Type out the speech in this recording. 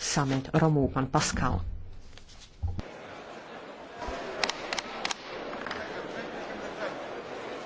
summit Romů, pan Pascal.